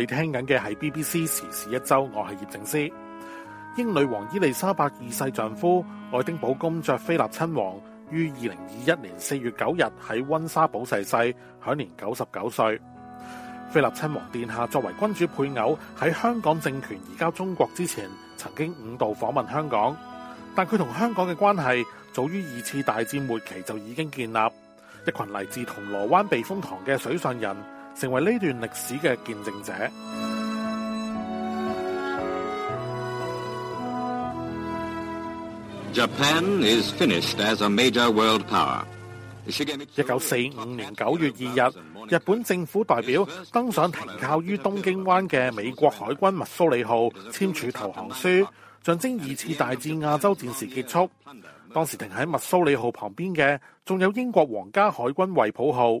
你聽緊嘅係 BBC 時事一周，我係葉靖斯。英女王伊麗莎白二世丈夫愛丁堡公爵菲立親王於二零二一年四月九日喺温莎堡逝世，世，享年九十九歲。菲立親王殿下作為君主配偶喺香港政權移交中國之前，曾經五度訪問香港。但佢同香港嘅關係早於二次大戰末期就已經建立。一群嚟自銅鑼灣避風塘嘅水上人。成為呢段歷史嘅見證者。Japan is finished as a major world power。一九四五年九月二日，日本政府代表登上停靠於東京灣嘅美國海軍密蘇里號，簽署投降書，象徵二次大戰亞洲戰事結束。當時停喺密蘇里號旁邊嘅，仲有英國皇家海軍惠普號。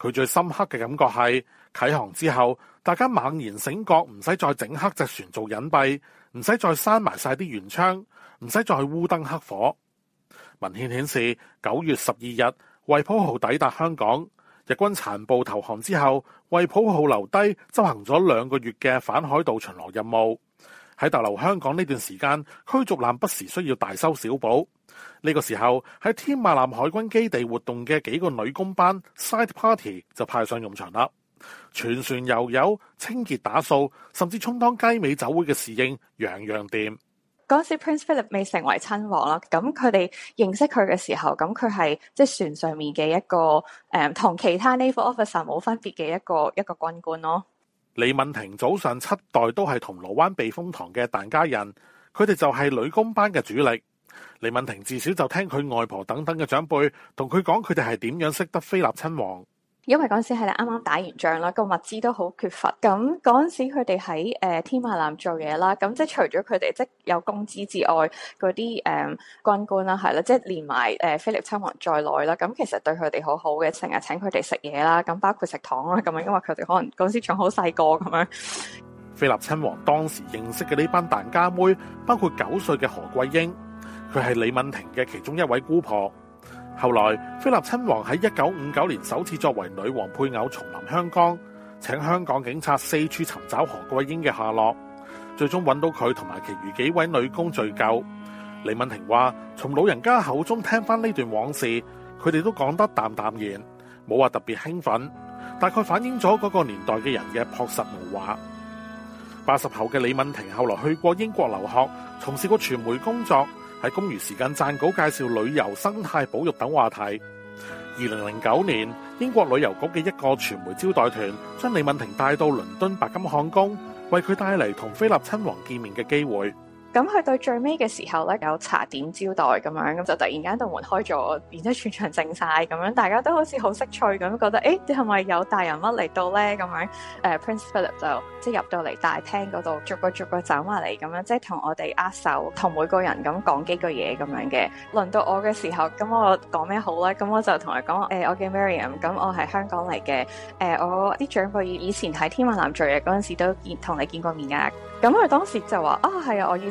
佢最深刻嘅感覺係啟航之後，大家猛然醒覺，唔使再整黑隻船做隱蔽，唔使再閂埋晒啲舷窗，唔使再烏燈黑火。文獻顯示，九月十二日，惠普號抵達香港，日軍殘暴投降之後，惠普號留低執行咗兩個月嘅反海盜巡邏任務。喺逗留香港呢段時間，驅逐艦不時需要大修小補。呢、這個時候喺添馬艦海軍基地活動嘅幾個女工班 side party 就派上用場啦。全船遊友清潔打掃，甚至充當雞尾酒會嘅侍應，樣樣掂。嗰時 Prince Philip 未成為親王啦，咁佢哋認識佢嘅時候，咁佢係即係船上面嘅一個誒，同、嗯、其他 naval officer 冇分別嘅一個一個軍官咯。李敏婷早上七代都係銅鑼灣避風塘嘅疍家人，佢哋就係女工班嘅主力。李敏婷自小就聽佢外婆等等嘅長輩同佢講，佢哋係點樣識得菲臘親王。因為嗰陣時係咧啱啱打完仗啦，個物資都好缺乏。咁嗰陣時佢哋喺誒添馬艦做嘢啦，咁即係除咗佢哋即有工資之外，嗰啲誒軍官啦係啦，即係連埋誒、呃、菲利普親王在內啦，咁其實對佢哋好好嘅，成日請佢哋食嘢啦，咁包括食糖啦咁樣，因為佢哋可能嗰陣時仲好細個咁樣。菲利普親王當時認識嘅呢班疍家妹，包括九歲嘅何桂英，佢係李敏婷嘅其中一位姑婆。後來，菲臘親王喺一九五九年首次作為女王配偶重臨香港，請香港警察四處尋找何桂英嘅下落，最終揾到佢同埋其餘幾位女工敘舊。李敏婷話：從老人家口中聽返呢段往事，佢哋都講得淡淡然，冇話特別興奮，大概反映咗嗰個年代嘅人嘅樸實無華。八十後嘅李敏婷後來去過英國留學，從事過傳媒工作。喺公餘時間撰稿介紹旅遊、生態保育等話題。二零零九年，英國旅遊局嘅一個傳媒招待團將李敏婷帶到倫敦白金漢宮，為佢帶嚟同菲臘親王見面嘅機會。咁去到最尾嘅時候咧，有茶點招待咁樣，咁就突然間度門開咗，然之後全場靜晒咁樣，大家都好似好識趣咁，覺得誒你係咪有大人物嚟到咧？咁樣誒、uh，Prince Philip 就即係入到嚟大廳嗰度，逐個逐個，逐個走埋嚟，咁樣即係同我哋握手，同每個人咁講幾句嘢咁樣嘅。輪到我嘅時候，咁我講咩好咧？咁我就同佢講、欸、我叫 Miriam，咁我係香港嚟嘅、欸，我啲長輩以前喺添馬艦聚嘅嗰陣時都同你見過面噶、啊。咁佢當時就話：啊、哦，係啊，我以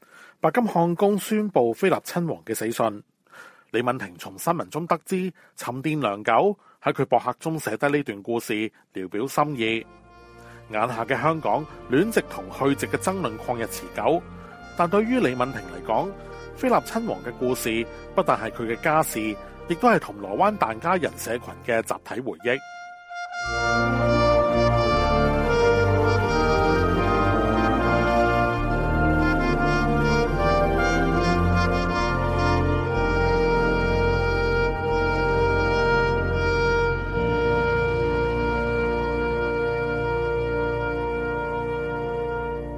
白金漢宮宣布菲臘親王嘅死訊，李敏婷從新聞中得知，沉澱良久喺佢博客中寫低呢段故事，聊表心意。眼下嘅香港，戀殖同去殖嘅爭論曠日持久，但對於李敏婷嚟講，菲臘親王嘅故事不但係佢嘅家事，亦都係銅鑼灣蜑家人社群嘅集體回憶。